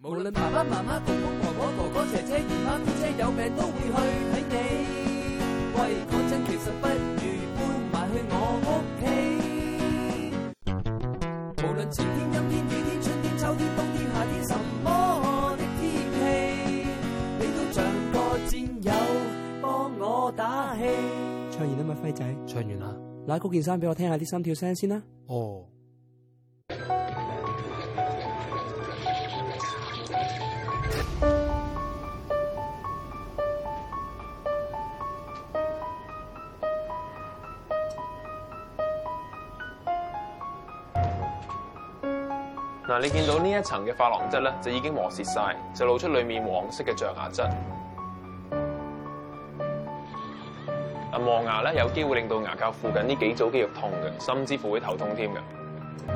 無論爸爸媽媽、公公婆婆、哥哥姐姐、姨媽姑姐有病都會去睇你，喂講真其實不如搬埋去我屋企。無論晴天陰天、雨天、春天、秋天、冬天、夏天什麼的天氣，你都像個戰友幫我打氣。唱完啦嘛輝仔，唱完啦，拉高件衫俾我聽下啲心跳聲先啦。哦。嗱，你見到呢一層嘅琺瑯質咧，就已經磨蝕晒，就露出裡面黃色嘅象牙質。啊，磨牙咧有機會令到牙骹附近呢幾組肌肉痛嘅，甚至乎會頭痛添嘅。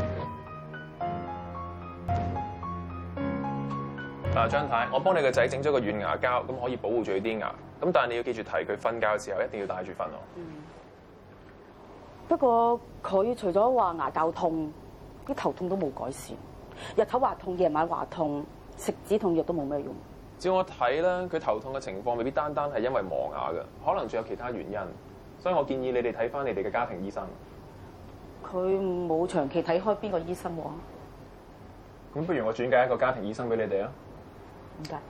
啊，張太，我幫你個仔整咗個軟牙膠，咁可以保護住啲牙。咁但係你要記住提，佢瞓覺嘅時候一定要戴住瞓哦。不過佢除咗話牙骹痛，啲頭痛都冇改善。日頭話痛，夜晚話痛，食止痛藥都冇咩用。照我睇咧，佢頭痛嘅情況未必單單係因為磨牙嘅，可能仲有其他原因。所以我建議你哋睇翻你哋嘅家庭醫生。佢冇長期睇開邊個醫生喎？咁不如我轉介一個家庭醫生俾你哋啊？點解？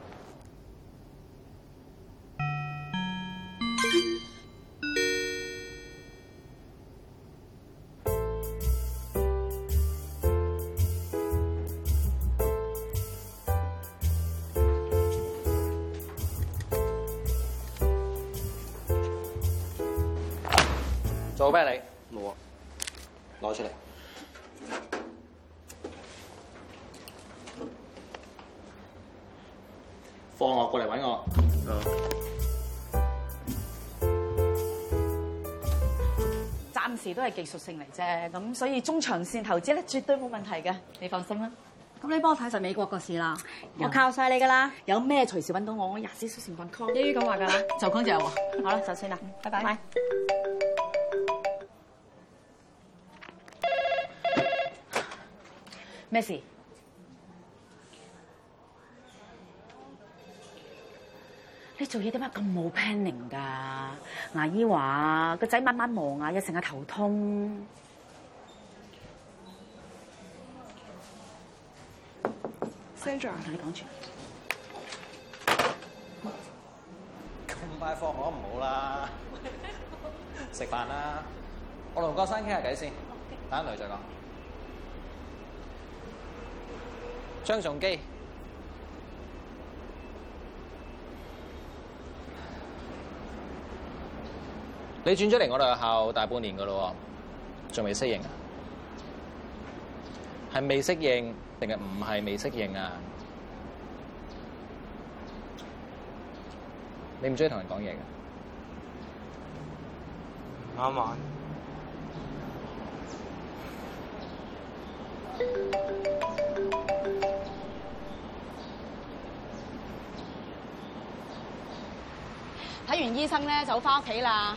過我過嚟搵我，暫、嗯、時都係技術性嚟啫，咁所以中長線投資咧，絕對冇問題嘅，你放心啦。咁你幫我睇晒美國個市啦，嗯、我靠晒你噶啦，有咩隨時搵到我，我日日輸 call 一於。依啲咁話噶啦，就康就喎，好啦，就算啦，拜拜。咩事，拜拜 你做嘢點解咁冇 planning 㗎？牙醫話個仔晚晚磨牙，又成日頭痛。先著啊，我同你講住。咁快放我唔好啦，食飯啦。我同郭生傾下偈先，等一陣再講。張仲基。你轉咗嚟我哋學校大半年噶咯，仲未適應啊？係未適應定係唔係未適應啊？你唔中意同人講嘢嘅啱唔啱？睇完醫生咧，就返屋企啦。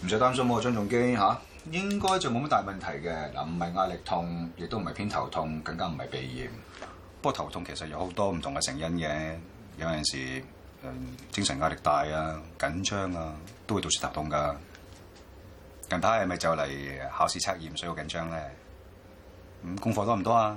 唔使擔心喎，張仲基嚇，啊，應該就冇乜大問題嘅嗱，唔係壓力痛，亦都唔係偏頭痛，更加唔係鼻炎。不過頭痛其實有好多唔同嘅成因嘅，有陣時，呃、精神壓力大啊，緊張啊，都會導致頭痛噶。近排係咪就嚟考試測驗，所以好緊張咧？咁功課多唔多啊？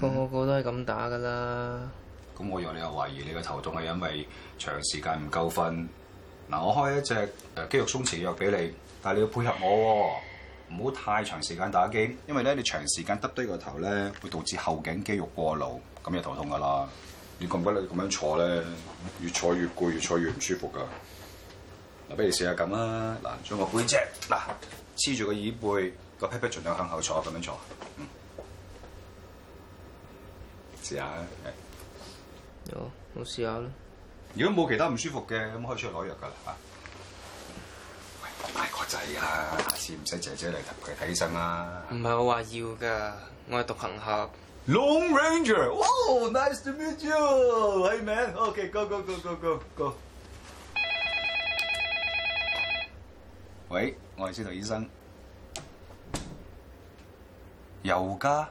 個個都係咁打噶啦。咁、嗯、我以為你又懷疑你嘅頭痛係因為長時間唔夠瞓。嗱、啊，我開一隻誒肌肉鬆弛藥俾你，但係你要配合我、哦，唔好太長時間打機，因為咧你長時間耷低個頭咧，會導致後頸肌肉過勞，咁就頭痛噶啦。你覺唔覺得你咁樣坐咧，越坐越攰，越坐越唔舒服噶？嗱，不如試下咁啦，嗱，將個背脊嗱，黐住個耳背，個屁屁盡量向後坐，咁樣坐。嗯試下咧，Yo, 我我試下啦。如果冇其他唔舒服嘅，咁可以出去攞藥噶啦。吓，唔好大個仔啊！下次唔使姐姐嚟同佢睇醫生啦、啊。唔係我話要噶，我係獨行俠。Long Ranger，Nice to meet you，Hi、hey、man，OK，Go、okay, go go go go go, go.。 喂，我係司徒醫生。尤嘉？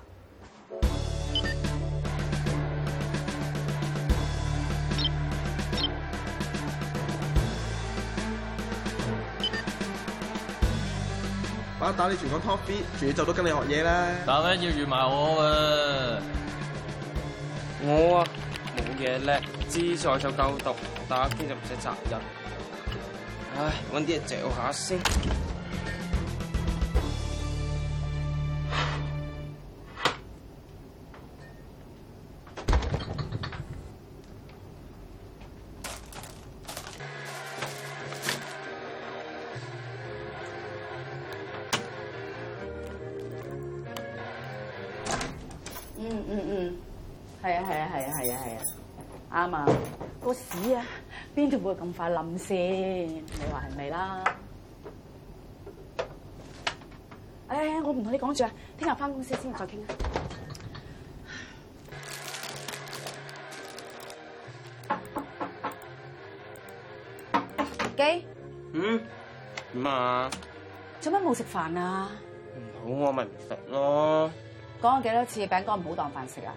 打你全港 top three 全宇宙都跟你學嘢啦！打咩要預埋我，我啊，我啊冇嘢叻，資材就夠毒，打機就唔使責任。唉，揾啲嘢做下先。嗯嗯嗯，係啊係啊係啊係啊係啊，啱啊，個屎啊邊度會咁快冧先？你話係咪啦？誒，我唔同你講住啊，聽日翻公司先再傾啦。基，嗯，嘛，做乜冇食飯啊？唔好我咪唔食咯。講咗幾多次餅乾唔好當飯食了啊！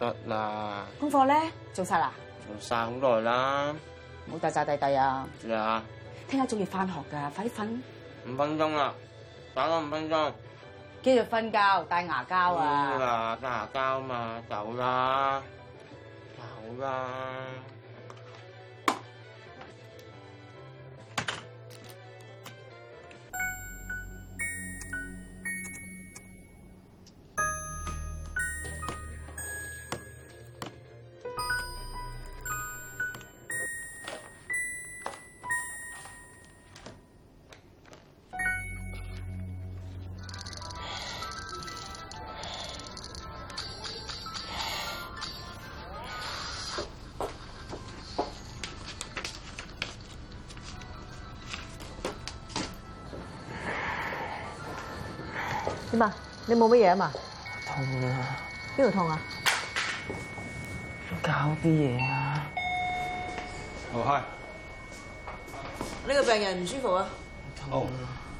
得啦，功課咧做晒啦？做晒好耐啦！好大，掙掙掙啊！呀，聽日仲要翻學噶快啲瞓！五分鐘啦，打多五分鐘。記住瞓覺戴牙膠啊！啦，戴牙膠嘛，走啦，走啦。嘛，你冇乜嘢啊嘛？痛啊！邊度痛啊？搞啲嘢啊！我嗨，呢個病人唔舒服、oh. 啊！哦、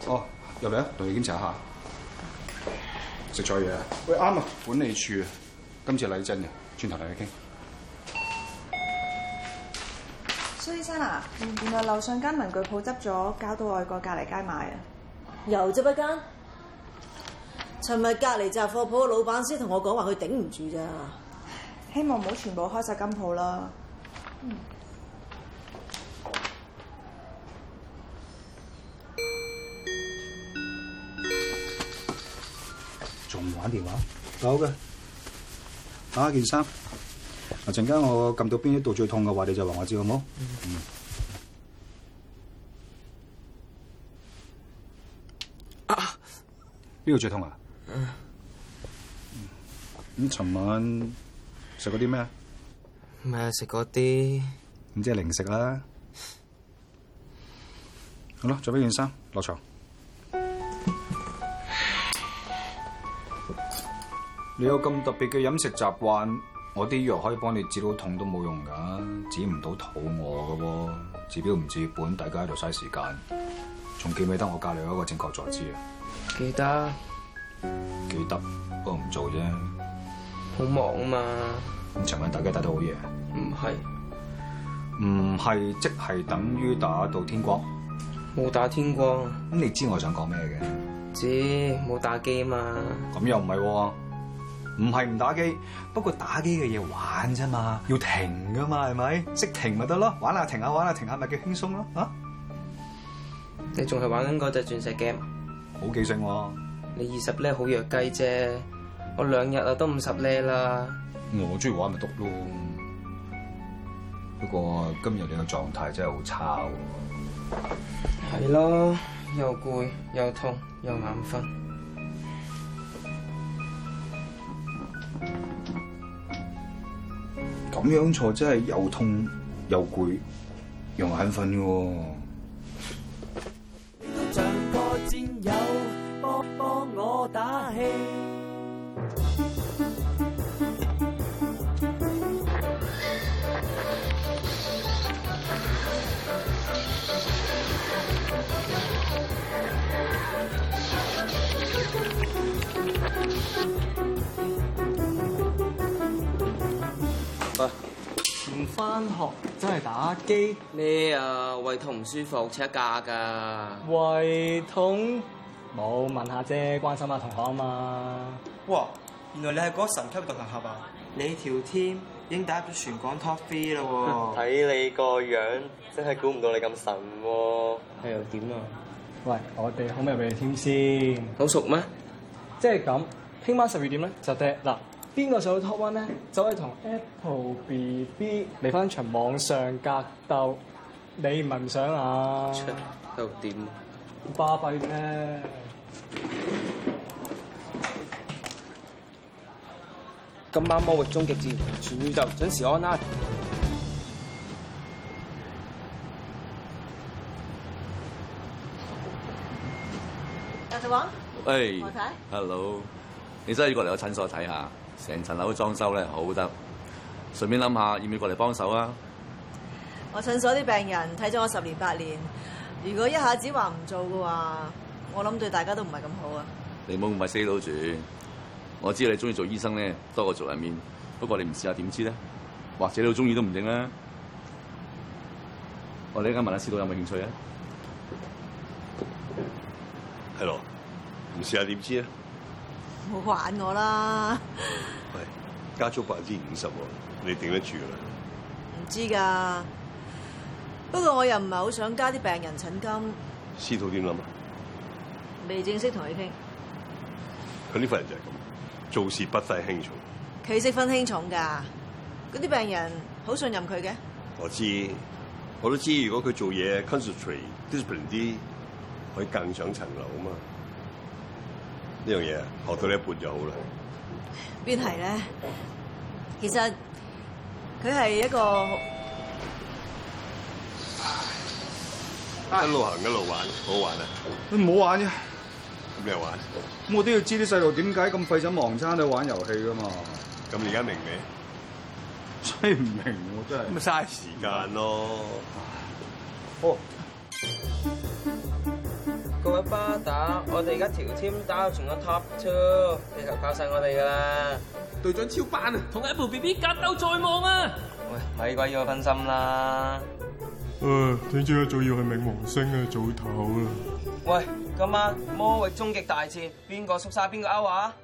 oh,，哦，入嚟啊，同你檢查下。食咗嘢啊？喂啱啊！管理處今次嚟真嘅，轉頭嚟去傾。蘇、so, 醫生啊，原來樓上間文具鋪執咗，搞到我過隔籬街買啊！又執一間？尋日隔離雜貨鋪嘅老闆先同我講話，佢頂唔住咋。希望唔好全部開晒金鋪啦。嗯。仲玩電話。好嘅。打件衫。嗱，陣間我撳到邊一度最痛嘅話，你就話我知好冇？嗯，嗯啊！呢度最痛啊！嗯，咁尋晚食過啲咩啊？唔係食嗰啲，唔知係零食啦。 好啦，着翻件衫落床。 你有咁特別嘅飲食習慣，我啲藥可以幫你止到痛都冇用噶，治唔到肚餓噶喎。治標唔治本，大家喺度嘥時間，仲記唔記得我教你一個正確坐姿啊？記得。記得，不過唔做啫。好忙啊嘛。咁尋晚打機打到好夜？唔係是，唔係即係等於打到天光。冇打天光。咁你知我想講咩嘅？知，冇打機啊嘛？咁又唔係，唔係唔打機，不過打機嘅嘢，玩啫嘛，要停噶嘛，係咪？識停咪得咯，玩下停下，玩下停下，咪幾輕鬆咯，吓？你仲係玩緊嗰隻鑽石 game？好記性喎。你二十咧，好弱雞啫，我兩日啊都五十咧啦。我中意玩咪得咯，不過今日你嘅狀態真係好差喎。係咯，又攰又痛又眼瞓，咁樣坐真係又痛又攰又眼瞓喎。打喂，唔翻學真係打機咩啊？你呀，胃痛唔舒服請假㗎。胃痛。冇問下啫，關心下同學啊嘛。哇！原來你係嗰神級獨行俠啊！你條 team 已經打入咗全港 top three 啦喎。睇你個樣，真係估唔到你咁神喎。係又、嗯、點啊？喂，我哋可唔可以俾你 team 先？好熟咩？即係咁，聽晚十二點咧就得嗱，邊個上到 top one 咧？就可以同 Apple BB 嚟翻場網上格鬥。你唔係唔想啊？出到點、啊？巴閉咩？今晚魔域終極戰，全宇宙準時安啦。大王，喂，Hello，你真係要過嚟我診所睇下，成層樓嘅裝修咧好得，順便諗下要唔要過嚟幫手啊？我診所啲病人睇咗我十年八年，如果一下子話唔做嘅話。我諗對大家都唔係咁好啊！你冇唔快死佬住，我知道你中意做醫生咧多過做人面，不過你唔試下點知咧？或者你好中意都唔定啦。我哋而家問一下司徒有冇興趣啊？係咯，唔試下點知啊？冇玩我啦！喂、哎，加租百分之五十喎，你頂得住噶？唔知噶，不過我又唔係好想加啲病人診金。司徒點諗啊？未正式同佢傾，佢呢份人就係咁，做事不計輕重。佢識分輕重噶，嗰啲病人好信任佢嘅。我知，我都知。如果佢做嘢 concentrate disciplined，可以更上層樓啊嘛。呢樣嘢學到一半就好啦。邊係咧？其實佢係一個唉唉一路行一路玩，好玩啊！唔好玩啫～你又玩？咁我都要知啲細路點解咁廢寢忘餐喺度玩遊戲噶嘛？咁而家明未？真係唔明，我真係。咪嘥時間咯！哦，各位巴打，我哋而家條 team 打到全個 top two，你就教晒我哋噶啦！隊長超班，同 FBB 格鬥在望啊！喂，咪鬼要我分心啦！誒，點知一早要去冥王星啊，早唞啊！喂！今晚、啊、魔域終極大戰，邊個縮沙邊個勾啊！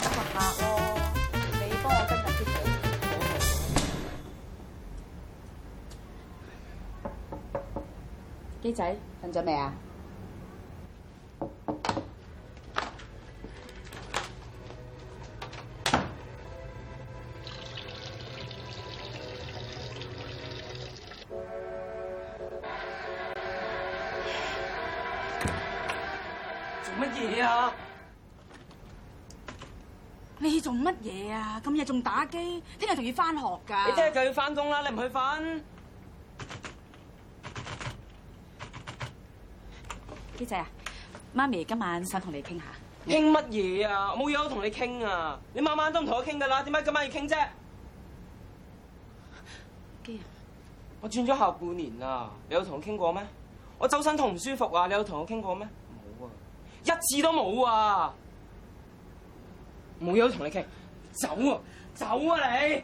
今日 啊、客咯，你幫我今日貼對唔好唔好？機仔瞓咗未啊？你啊，你做乜嘢啊？咁夜仲打機，聽日仲要翻學噶。你聽日就要翻工啦，你唔去瞓。基仔啊，媽咪今晚想同你傾下。傾乜嘢啊？冇嘢好同你傾啊！你晚晚都唔同我傾噶啦，點解今晚要傾啫？基仔，我轉咗下半年啦，你有同我傾過咩？我周身痛唔舒服啊，你有同我傾過咩？一次都冇啊！冇嘢同你傾，走啊，走啊你！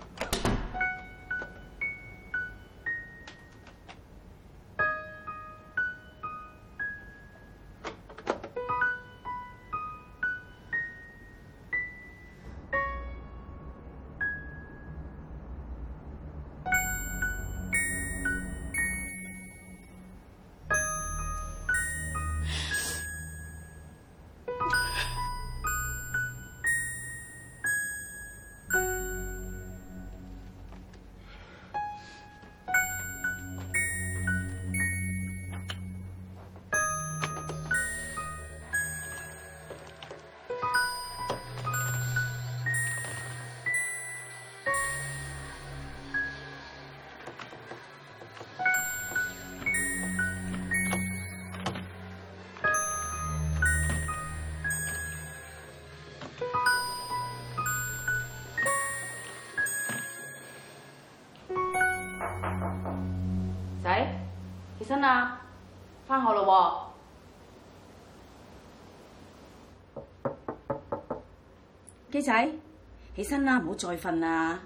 啦，返學咯喎，基仔，起身啦，唔好再瞓啦。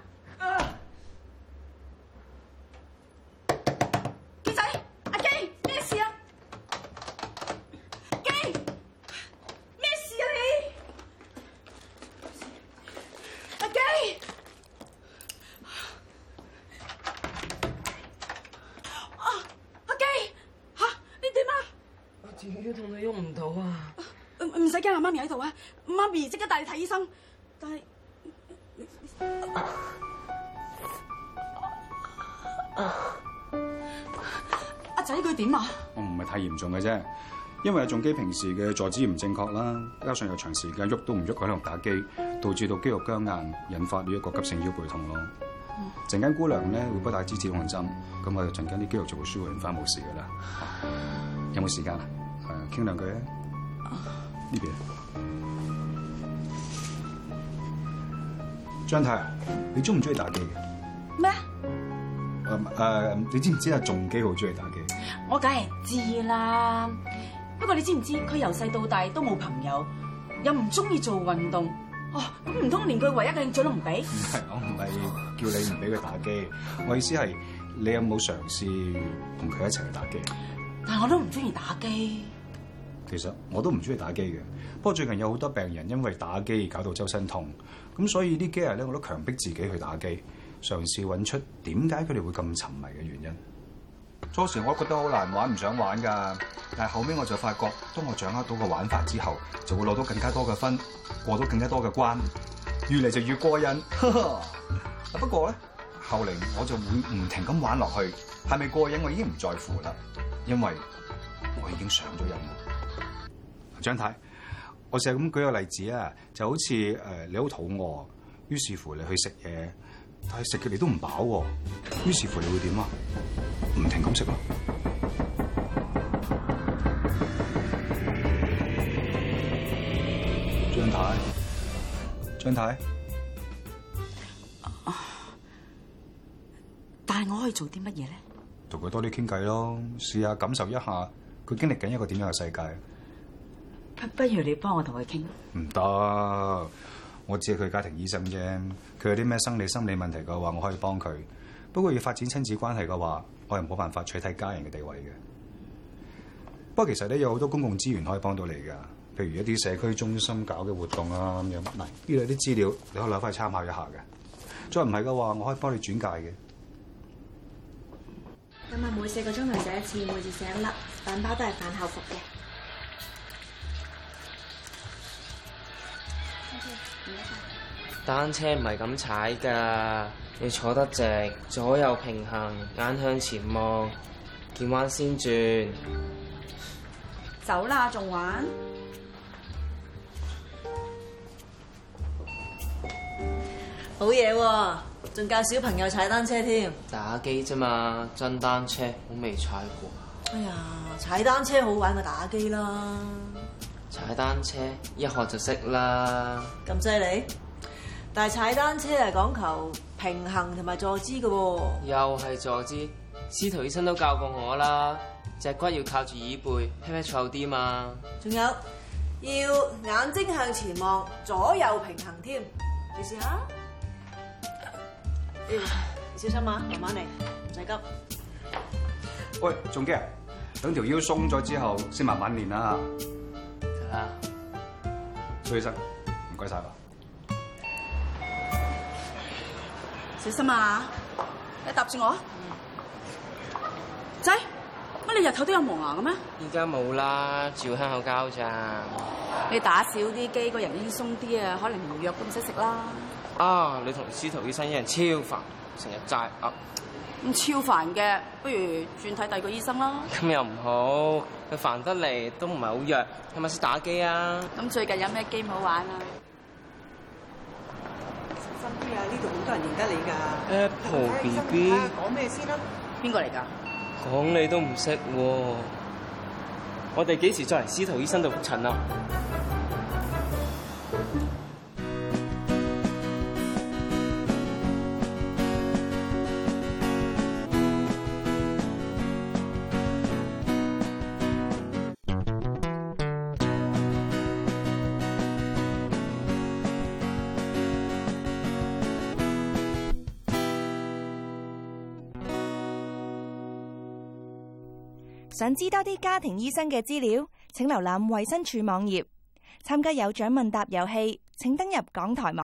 我唔係太嚴重嘅啫，因為阿仲基平時嘅坐姿唔正確啦，加上又長時間喐都唔喐喺度打機，導致到肌肉僵硬，引發呢一個急性腰背痛咯。陣間、嗯、姑娘咧會不打支止痛針，咁我哋陣間啲肌肉就會舒緩翻冇事噶啦。有冇時間啊？傾兩句啊。呢邊張太麼啊，啊，你中唔中意打機嘅？咩啊？誒你知唔知阿仲基好中意打機？我梗係知啦，不過你知唔知佢由細到大都冇朋友，又唔中意做運動哦，咁唔通連佢唯一嘅興趣都唔俾？唔係，我唔係叫你唔俾佢打機，我意思係你有冇嘗試同佢一齊去打機？但係我都唔中意打機。其實我都唔中意打機嘅，不過最近有好多病人因為打機搞到周身痛，咁所以呢幾日咧我都強迫自己去打機，嘗試揾出點解佢哋會咁沉迷嘅原因。初時我都覺得好難玩，唔想玩噶。但係後尾我就發覺，當我掌握到個玩法之後，就會攞到更加多嘅分，過到更加多嘅關，越嚟就越過癮。 不過咧，後嚟我就會唔停咁玩落去，係咪過癮我已經唔在乎啦，因為我已經上咗癮。張太太，我成日咁舉個例子啊，就好似誒你好肚餓，於是乎你去食嘢，但係食嘅你都唔飽，於是乎你會點啊？唔停咁食咯，張太，張太，太，啊，但係我可以做啲乜嘢咧？同佢多啲傾偈咯，試下感受一下佢經歷緊一個點樣嘅世界。不，不如你幫我同佢傾。唔得，我只係佢家庭醫生啫，佢有啲咩生理、心理問題嘅話，我可以幫佢。不過要發展親子關係嘅話，我係冇辦法取替家人嘅地位嘅。不過其實咧，有好多公共資源可以幫到你噶，譬如一啲社區中心搞嘅活動啊咁樣。嗱，呢度啲資料你可以攞翻去參考一下嘅。再唔係嘅話，我可以幫你轉介嘅。今日每四個鐘頭寫一次，每次寫一粒，粉包都係飯後服嘅。謝謝，謝謝。單車唔係咁踩㗎。你坐得直，左右平衡，眼向前望，見彎先轉。走啦，仲玩？好嘢喎，仲 教小朋友踩單車添。打機啫嘛，真單車我未踩過。哎呀，踩單車好玩過打機啦。踩單車一學就識啦。咁犀利？但係踩單車係講求平衡同埋坐姿嘅。啊，又係坐姿。司徒醫生都教過我啦，脊骨要靠住椅背，輕輕湊啲嘛。仲有要眼睛向前望，左右平衡添。你試下，嗯，你小心啊，慢慢嚟，唔使急。喂，仲驚？等條腰鬆咗之後，先慢慢練啦。得啦。啊，司徒醫生，唔該晒。小心啊！你搭住我，仔，嗯，乜你日頭都有磨牙嘅咩？而家冇啦，照香口膠咋？你打少啲機，個人輕鬆啲啊，可能連藥都唔使食啦。啊，你同司徒醫生一樣超煩，成日齋啊，咁超煩嘅，不如轉睇第二個醫生啦。咁又唔好，佢煩得嚟都唔係好弱，係咪先打機啊？咁最近有咩機好玩啊？呢度好多人認得你㗎，Apple BB，講咩先啦？邊個嚟㗎？講你都唔識喎，我哋幾時再嚟司徒醫生度復診啊？想知多啲家庭醫生嘅資料，請瀏覽衛生署網頁，參加有獎問答遊戲，請登入港台網。